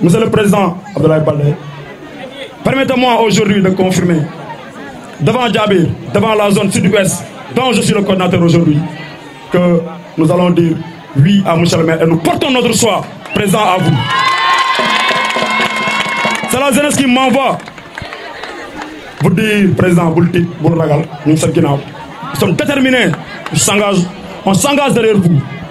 Monsieur le Président Abdoulaye Baldé, permettez-moi aujourd'hui de confirmer, devant Djabir, devant la zone sud-ouest, dont je suis le coordinateur aujourd'hui, que nous allons dire oui à Michel Maire et nous portons notre choix présent à vous. C'est la jeunesse qui m'envoie vous dire, Président Boulti, regardez, nous sommes déterminés, on s'engage derrière vous.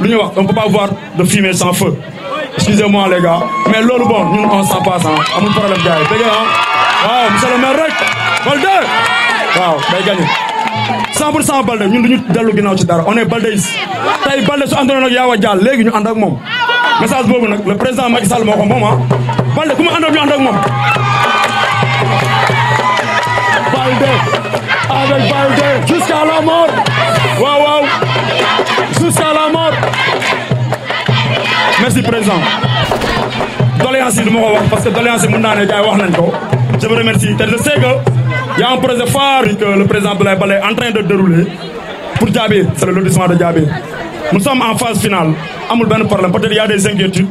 On ne peut pas voir de fumée sans feu excusez-moi les gars mais l'eau bon nous on s'en passe hein. ne problème gars hein? le maire 100 Balde, on est Balde balde su ñu nous message le président Macky Sall moo est en hein. avec balde jusqu'à la mort présent doléance yi wax parce que doléance yi mën naa wax ko je vous remercie te je sais que y a un projet phare que le président la Baldé est en train de dérouler pour Diabé c'est le lotissement de Diabé nous sommes en phase finale amul benn problème peut-être y a des inquiétudes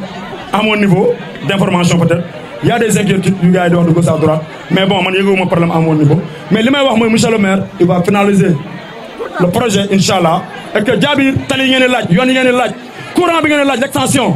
à mon niveau d'information peut-être il y a des inquiétudes du gars yi di wax de gauche à droite mais bon man yëguma problème à mon niveau mais li may wax mooy monsieur le maire il va finaliser le projet Inch'Allah. et que Diabé tali yi ngeen di laaj yoon courant bi ngeen di laaj l'extension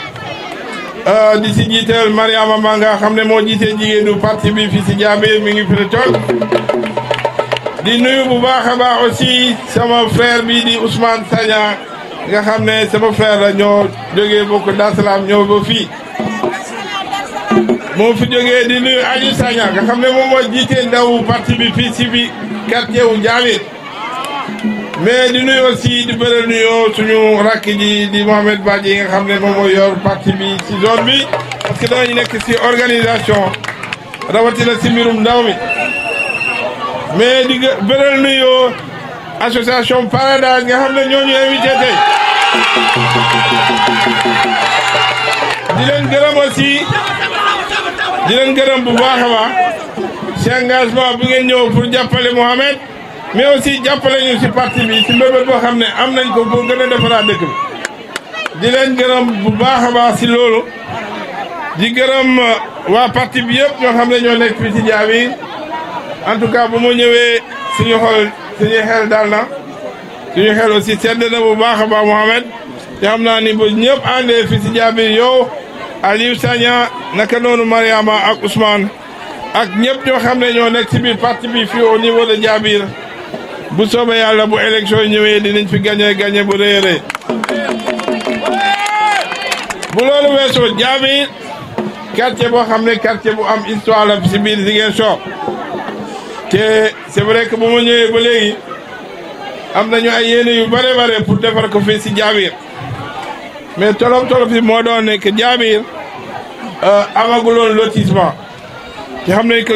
Euh, di si jiital Mariama ma nga xam ne moo jiitee jigéenu parti bi fi si Diabé mi ngi fi toog di nuyu bu baax a baax aussi sama frère bi di Ousmane Sagna nga xam ne sama frère la ñoo jógee bokk Daasalaam ñoo ba fii moo fi jógee di nuyu Aliou Sagna nga xam ne moom moo jiitee ndaw parti bi fii si bi quartier wu mais di nuyu aussi di bëre nuyoo suñu rakk di Mohamed Badji yi nga xam ne moom mooy yor parti bi ci zone bi parce que danañu nekk ci organisation rawatina ci mbirum ndaw mi mais di bëre nuyoo association Paradise nga xam ne ñooñu invité tey di leen gërëm aussi di leen gërëm bu baax a baax ci engagement bi ngeen ñëw pour jàppale Mohamed mais aussi jàppale ñu ci parti bi ci mbébét boo xam ne am nañ ko pour gën a defaraat dëkk di leen gërëm bu baax a baax ci loolu di gërëm uh, waa parti bi yëpp ñoo xam ne ñoo nekk fii ci Njaawi en tout cas bu ma ñëwee suñu xol suñuy xel daal na suñu xel aussi bu baax a baax naa ni bu ñëpp àndee fii ci Njaawi yow Aliou Sagna naka noonu Mariama ak Ousmane ak ñëpp ñoo xam ne ñoo nekk ci biir parti bi fii au niveau de Diabir bu soobee yàlla bu élection ñëwee dinañ fi gagné gagné bu rëy a bu loolu weesoo Diamy quartier boo xam ne quartier bu am histoire la si biir Ziguinchor te c'est vrai que bu mu ñëwee ba léegi am nañu ay yéene yu bare bare pour defar ko fii si Diamy mais tolof tolof moo doon nekk Diamy euh, amaguloon lotissement te xam ne que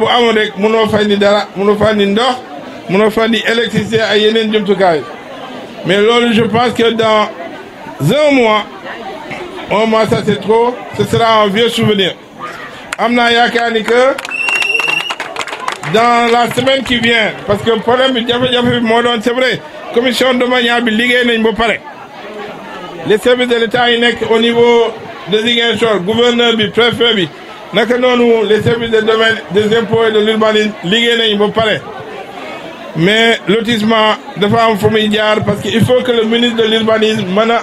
bu amu rek mënoo fay ni dara mënoo fay ni ndox. Mon a dit électricité à Yénen jumtukaay mais là je pense que dans un mois un mois ça c'est trop ce sera un vieux souvenir Amna Yakani que dans la semaine qui vient parce que le problème bi jafe-jafe c'est vrai commission de bi liggéey nañ les services de l'État yi au niveau de le gouverneur le préfet bi les services de domaine des impôts et de l'urbanisme liggéey nañ ba pare mais lotissement dafa am fu muy jaar parce que il faut que le ministre de l'urbanisme mën a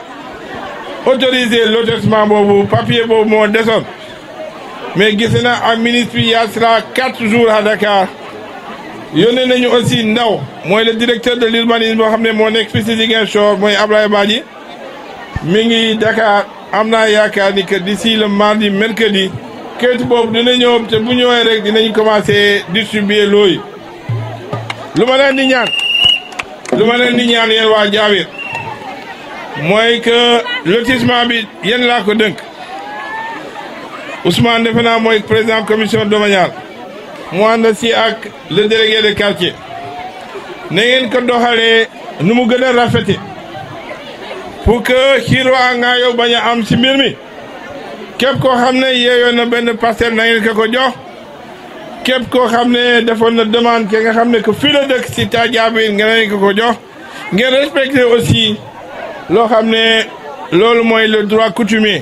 autoriser lotissement boobu papier boobu moo deson mais gis na ak ministre bi yaa sera quatre jours à Dakar yónnee nañu aussi ndaw mooy le directeur de l'urbanisme moo xam ne moo nekk fii si Ziguinchor mooy Ablaye Badji mi ngi Dakar am naa yaakaar ni que d'ici le mardi mercredi këyit boobu dina ñëw te bu ñëwee rek dinañ commencer distribuer looyu lu ma leen di ñaan lu leen di waa jaawir mooy que lotissement bi yéen laa ko dënk Ousmane defe naa mooy président commission domaniale mu ànd si ak le délégué de quartier na ngeen ko nu mu gën a rafete pour que xiiroo a ngaayoo bañ a am si mbir mi képp koo xam ne yeeyoo na benn parcelle na ngeen ko ko képp koo xam ne defoon na demande ke nga xam ne que fii la dëkk si Tadiabine nga ne ko ko jox ngeen respecté aussi loo xam ne loolu mooy le droit coutumier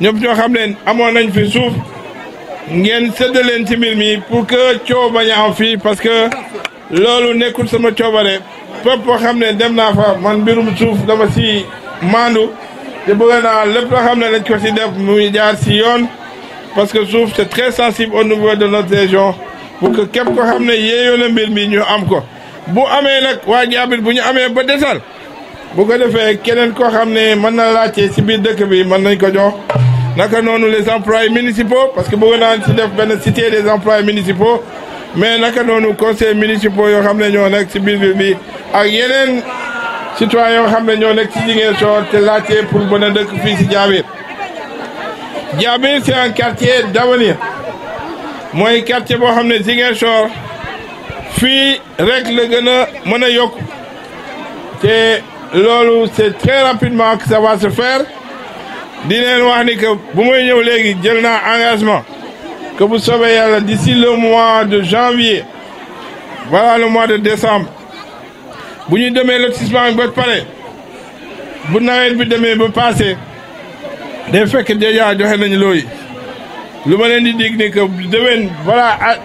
ñëpp ñoo xam ne amoon nañ fi suuf ngeen séddaleen ci mbir mi pour coow bañ a fii parce que loolu nekkul sama coobare fépp koo xam ne dem naa fa man mbirum suuf dama si maandu te bëgg naa lépp loo xam ne dañ ko si def jaar si yoon parce que souf c'est très sensible au niveau de notre région pour que képp ko xam ne mbir mi ñu am ko bu amé nak waa jaabit bu ñu amé ba desal bu ko defee keneen ko xamné man mën na laajte si biir dëkk bi man nañ ko jox naka noonu les employés municipaux parce que bu bëgg naa ci def ben cité des employés municipaux mais naka noonu conseils municipaux yoo xam ne ñoo nekk ci biir bi ak yeneen citoyens xamné ñoo ne ci nekk si Ziguinchor te laajte pour mën a fi ci si c'est un quartier d'avenir. Moi, un quartier pour amener Zinger Shore. le gana, C'est très rapidement que ça va se faire. vous dis que vous m'avez un engagement. Que vous soyez d'ici le mois de janvier. Voilà le mois de décembre. Vous nous demain, le 6 mois, vous êtes prêts. Vous 6 mars. de me passer. day fekk déjà joxe nañu looyi lu ma leen di dig ni que déwén balaa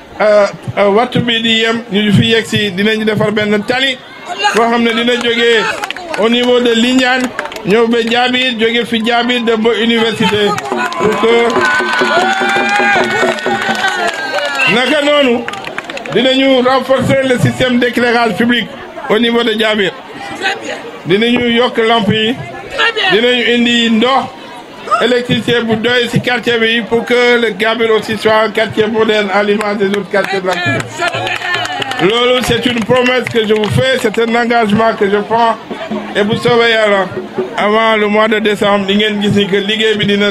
waxtu bi di yem ñu fi yegg si dinañu defar benn tali boo xam ne dina jóge au niveau de Lindiane ñëw ba Diabir jóge fi Diabir dem ba université pour que naka noonu dinañu renforcer le système d'éclairage public au niveau de Diabir dinañu yokk lamp yi dinañu indi ndox. électricité bu doy c'est quartier bi pour que le Gambie aussi soit un quartier moderne à l'image des autres quartiers de la c'est une promesse que je vous fais, c'est un engagement que je prends et vous savez alors, avant le mois de décembre di a gis ni que Ligue bi dina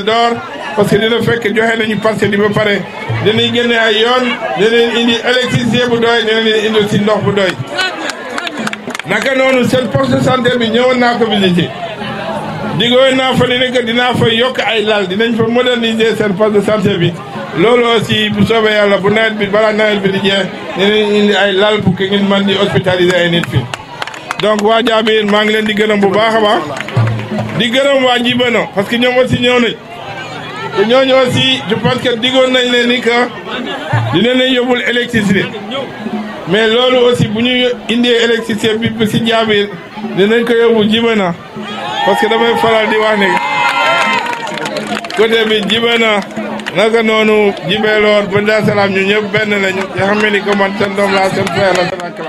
parce que dina fekk joxe nañu passer, yi ba pare dinañ ayon, ay y a indi électricité bu doy dinañ indi d'or ndox bu doy naka noonu seen poste de santé bi na ko diggoon naa fa ne que dinaa fa yokk ay lal dinañ fa moderniser seen poste de santé bi loolu aussi bu soobee yàlla bu nawet bi balaa nawet bi di jeex indi ay lal bu ngeen mën di hospitaliser ay nit fi donc waa Diabir maa ngi leen di gërëm bu baax a baax di gërëm waa Njibano parce que ñoom aussi ñëw nañ te ñooñu aussi je pense que diggoon nañ leen ni que dinañ yóbbul électricité mais loolu aussi bu ñu indee électricité bi si Diabir dinañ ko yóbbu Njibana. parce que damay faral di wax ni côté bi jibe na naka noonu jibe loor ba Daaru ñu ñëpp benn lañu nga ni ko man seen doom laa seen frère la seen